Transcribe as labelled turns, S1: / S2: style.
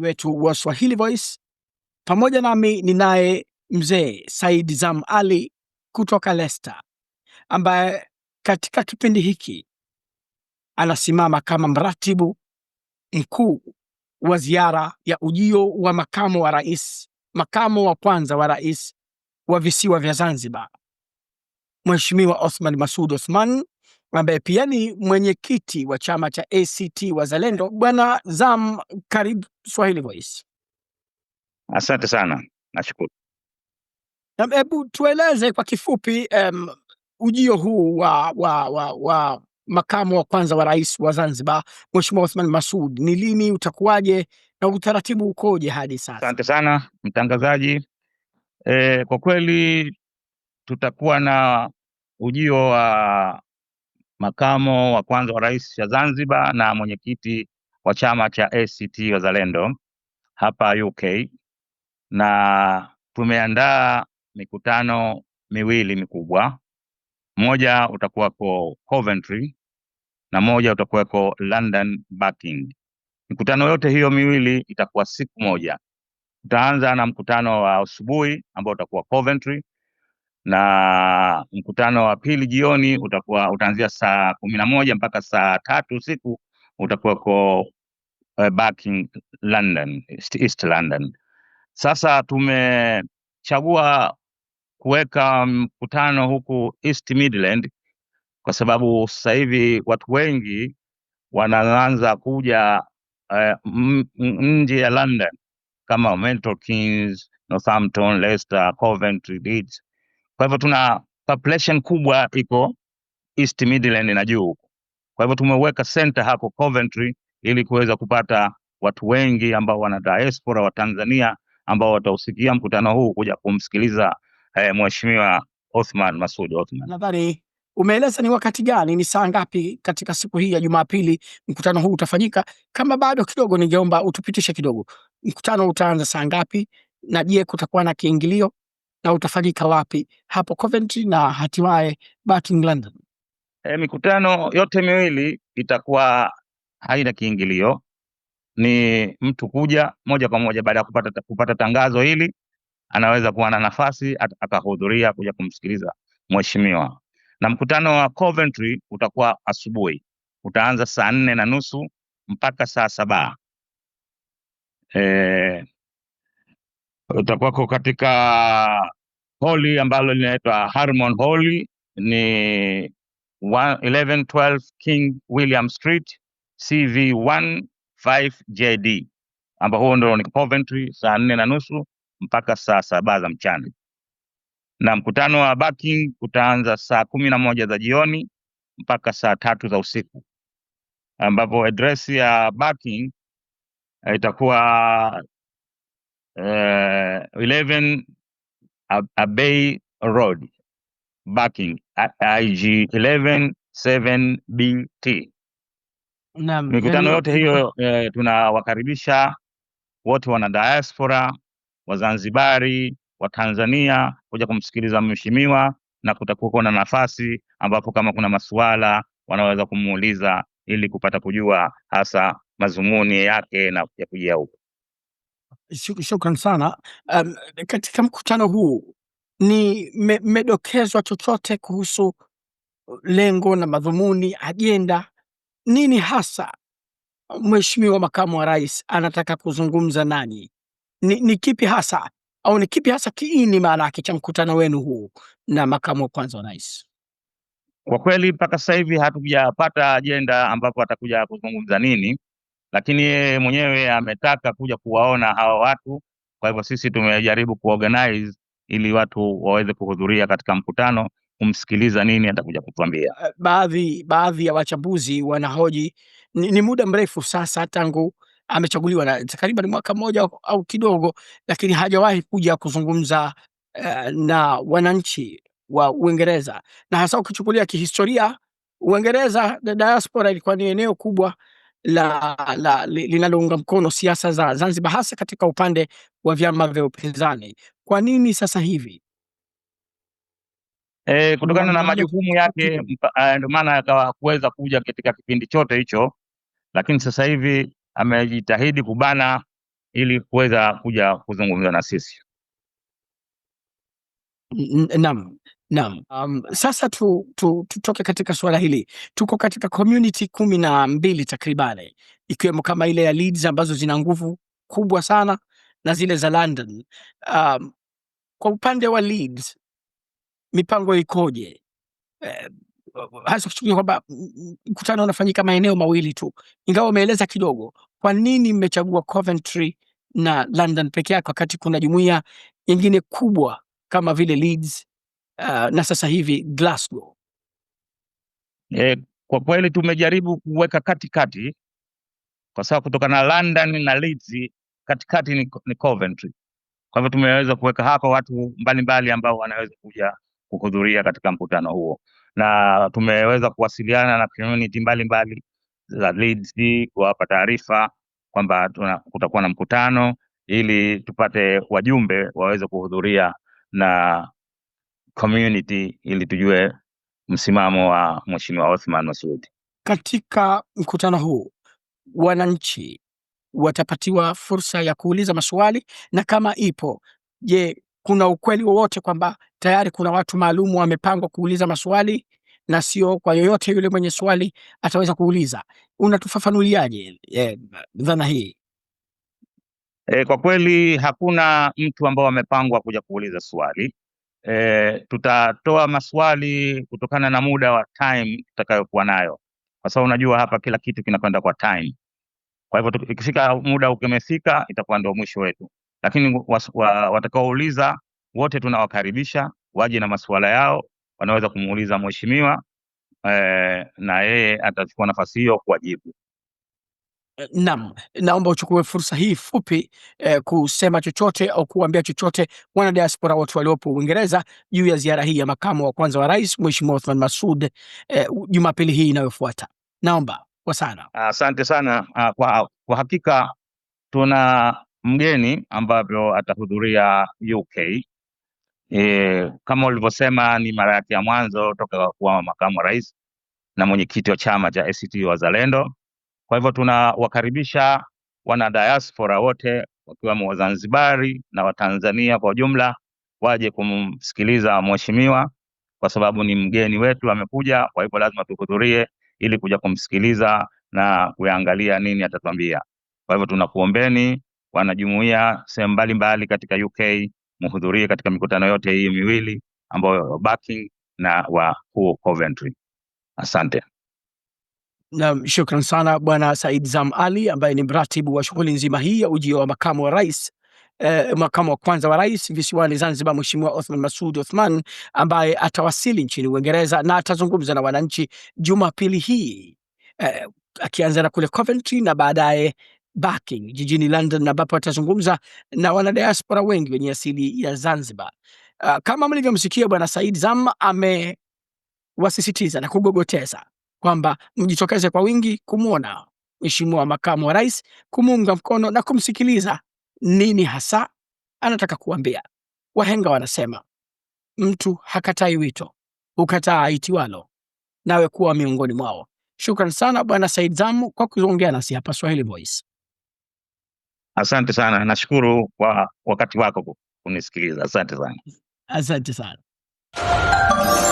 S1: wetu wa Swahili Voice. Pamoja nami ninaye mzee Said Zam Ali kutoka Leicester, ambaye katika kipindi hiki anasimama kama mratibu mkuu wa ziara ya ujio wa makamu wa rais, makamu wa kwanza wa rais wa visiwa vya Zanzibar, Mheshimiwa Othman Masud Othman ambaye pia ni mwenyekiti wa chama cha ACT Wazalendo, Bwana Zam, karibu Swahili Voice.
S2: Asante sana, nashukuru.
S1: Hebu tueleze kwa kifupi um, ujio huu wa, wa, wa, wa makamu wa kwanza wa rais wa Zanzibar Mheshimiwa Othman Masud ni lini, utakuwaje na utaratibu ukoje hadi sasa?
S2: Asante sana mtangazaji. E, kwa kweli tutakuwa na ujio wa makamo wa kwanza wa rais wa Zanzibar na mwenyekiti wa chama cha ACT Wazalendo hapa UK, na tumeandaa mikutano miwili mikubwa. Mmoja utakuwako Coventry na moja utakuwako London Barking. Mikutano yote hiyo miwili itakuwa siku moja. utaanza na mkutano wa asubuhi ambao utakuwa Coventry na mkutano wa pili jioni utakuwa utaanzia saa kumi na moja mpaka saa tatu usiku utakuwa ko uh, eh, back in London, East, East London. Sasa tumechagua kuweka mkutano huku East Midland kwa sababu sasa hivi watu wengi wanaanza kuja uh, nje ya London kama Milton Keynes, Northampton, Leicester, Coventry, Leeds kwa hivyo tuna population kubwa iko East Midland na juu, kwa hivyo tumeweka center hapo Coventry ili kuweza kupata watu wengi ambao wana diaspora wa Tanzania ambao watausikia mkutano huu kuja kumsikiliza eh, mheshimiwa Othman Masoud Othman.
S1: Nadhani umeeleza ni wakati gani, ni saa ngapi katika siku hii ya Jumapili mkutano huu utafanyika? Kama bado kidogo, ningeomba utupitishe kidogo, mkutano utaanza saa ngapi, na je, kutakuwa na kiingilio? na utafanyika wapi hapo Coventry na hatimaye Barton London?
S2: E, mikutano yote miwili itakuwa haina kiingilio, ni mtu kuja moja kwa moja baada ya kupata, kupata tangazo hili anaweza kuwa na nafasi akahudhuria kuja kumsikiliza mheshimiwa. Na mkutano wa Coventry utakuwa asubuhi, utaanza saa nne na nusu mpaka saa saba. E, utakuwako katika holi ambalo linaitwa Harmon Holi, ni 1112 King William Street CV 15JD, ambao huo ndo ni Coventry, saa nne na nusu mpaka saa saba za mchana, na mkutano wa backing utaanza saa kumi na moja za jioni mpaka saa tatu za usiku, ambapo adresi ya backing eh, itakuwa uh, 11 Abbey Road, Barking, IG 117 7BT. Mikutano yote hiyo eh, tunawakaribisha wote wana diaspora, Wazanzibari, Watanzania kuja kumsikiliza mheshimiwa, na kutakuwa na nafasi ambapo kama kuna masuala wanaweza kumuuliza ili kupata kujua hasa mazumuni yake na ya kujia huko.
S1: Shukran sana. Um, katika mkutano huu ni mmedokezwa me, chochote kuhusu uh, lengo na madhumuni, ajenda, nini hasa Mheshimiwa Makamu wa Rais anataka kuzungumza nani Ni, ni kipi hasa au ni kipi hasa kiini maana yake cha mkutano wenu huu na makamu wa kwanza wa rais?
S2: Kwa kweli mpaka sasa hivi hatujapata ajenda ambapo atakuja kuzungumza nini, lakini yeye mwenyewe ametaka kuja kuwaona hawa watu. Kwa hivyo sisi tumejaribu kuorganize ili watu waweze kuhudhuria katika mkutano kumsikiliza nini atakuja kutuambia.
S1: Eh, baadhi baadhi ya wachambuzi wanahoji ni, ni muda mrefu sasa tangu amechaguliwa na takriban mwaka mmoja au kidogo, lakini hajawahi kuja kuzungumza uh, na wananchi wa Uingereza, na hasa ukichukulia kihistoria Uingereza, diaspora ilikuwa ni eneo kubwa la, la, linalounga mkono siasa za Zanzibar hasa katika upande wa vyama vya upinzani. Kwa nini sasa hivi?
S2: E, kutokana na majukumu yake ah, ndio maana akawa kuweza kuja katika kipindi chote hicho, lakini sasa hivi amejitahidi kubana ili kuweza kuja kuzungumza na sisi.
S1: Naam, Naam. Um, sasa tu, tu, tutoke katika suala hili. Tuko katika community kumi na mbili takribani ikiwemo kama ile ya Leeds ambazo zina nguvu kubwa sana na zile za London. Um, kwa upande wa Leeds mipango ikoje? Eh, hasa kuchukulia kwamba mkutano unafanyika maeneo mawili tu, ingawa umeeleza kidogo kwa nini mmechagua Coventry na London peke yake wakati kuna jumuiya nyingine kubwa kama vile Leeds uh, na sasa hivi Glasgow?
S2: E, kwa kweli tumejaribu kuweka katikati kwa sababu kutoka na London na Leeds katikati ni, ni Coventry. Kwa hivyo tumeweza kuweka hapa watu mbalimbali mbali ambao wanaweza kuja kuhudhuria katika mkutano huo, na tumeweza kuwasiliana na community mbalimbali za Leeds kuwapa taarifa kwamba kutakuwa na mkutano ili tupate wajumbe waweze kuhudhuria na community ili tujue msimamo wa Mheshimiwa Othman Masoud.
S1: Katika mkutano huu wananchi watapatiwa fursa ya kuuliza maswali, na kama ipo, je, kuna ukweli wowote kwamba tayari kuna watu maalum wamepangwa kuuliza maswali na sio kwa yoyote yule mwenye swali ataweza kuuliza? Unatufafanuliaje eh, dhana hii?
S2: E, kwa kweli hakuna mtu ambao amepangwa kuja kuuliza swali e, tutatoa maswali kutokana na muda wa time tutakayokuwa nayo, kwa sababu unajua hapa kila kitu kinakwenda kwa time. Kwa hivyo ikifika muda ukimefika, itakuwa ndio mwisho wetu, lakini wa, watakaouliza wote tunawakaribisha waje na masuala yao, wanaweza kumuuliza mheshimiwa e, na yeye atachukua nafasi hiyo kuwajibu
S1: nam naomba uchukue fursa hii fupi eh, kusema chochote au kuambia chochote wanadiaspora watu waliopo Uingereza juu ya ziara hii ya makamu wa kwanza wa rais Mheshimiwa Othman Masoud eh, Jumapili hii inayofuata. Naomba kwa sana
S2: asante sana. Ah, kwa, kwa hakika tuna mgeni ambavyo atahudhuria UK e, eh, kama ulivyosema ni mara yake ya mwanzo toka kuwa makamu wa rais na mwenyekiti wa chama cha ACT Wazalendo kwa hivyo tunawakaribisha wana diaspora wote wakiwemo Wazanzibari na Watanzania kwa ujumla waje kumsikiliza mheshimiwa, kwa sababu ni mgeni wetu amekuja. Kwa hivyo lazima tuhudhurie ili kuja kumsikiliza na kuangalia nini atatuambia. Kwa hivyo tunakuombeni wanajumuia sehemu mbalimbali katika UK mhudhurie katika mikutano yote hii miwili ambayo Barking na wa Coventry. Asante.
S1: Na shukran sana Bwana Said Zam Ali ambaye ni mratibu wa shughuli nzima hii ya ujio wa makamu wa rais eh, makamu wa kwanza wa rais visiwani Zanzibar, Mheshimiwa Othman Masud Othman ambaye atawasili nchini Uingereza na atazungumza na wananchi Jumapili hii eh, akianza na kule Coventry na baadaye Barking jijini London ambapo atazungumza na wanadiaspora wengi wenye asili ya Zanzibar. Uh, kama mlivyomsikia Bwana Said Zam amewasisitiza na kugogoteza kwamba mjitokeze kwa wingi kumwona Mheshimiwa Makamu wa Rais, kumuunga mkono na kumsikiliza nini hasa anataka kuambia. Wahenga wanasema mtu hakatai wito, ukataa aitiwalo, nawe kuwa miongoni mwao. Shukran sana Bwana Said Zamu kwa kuongea nasi hapa Swahili Voice.
S2: Asante sana, nashukuru kwa wakati wako kunisikiliza. Asante sana,
S1: asante sana.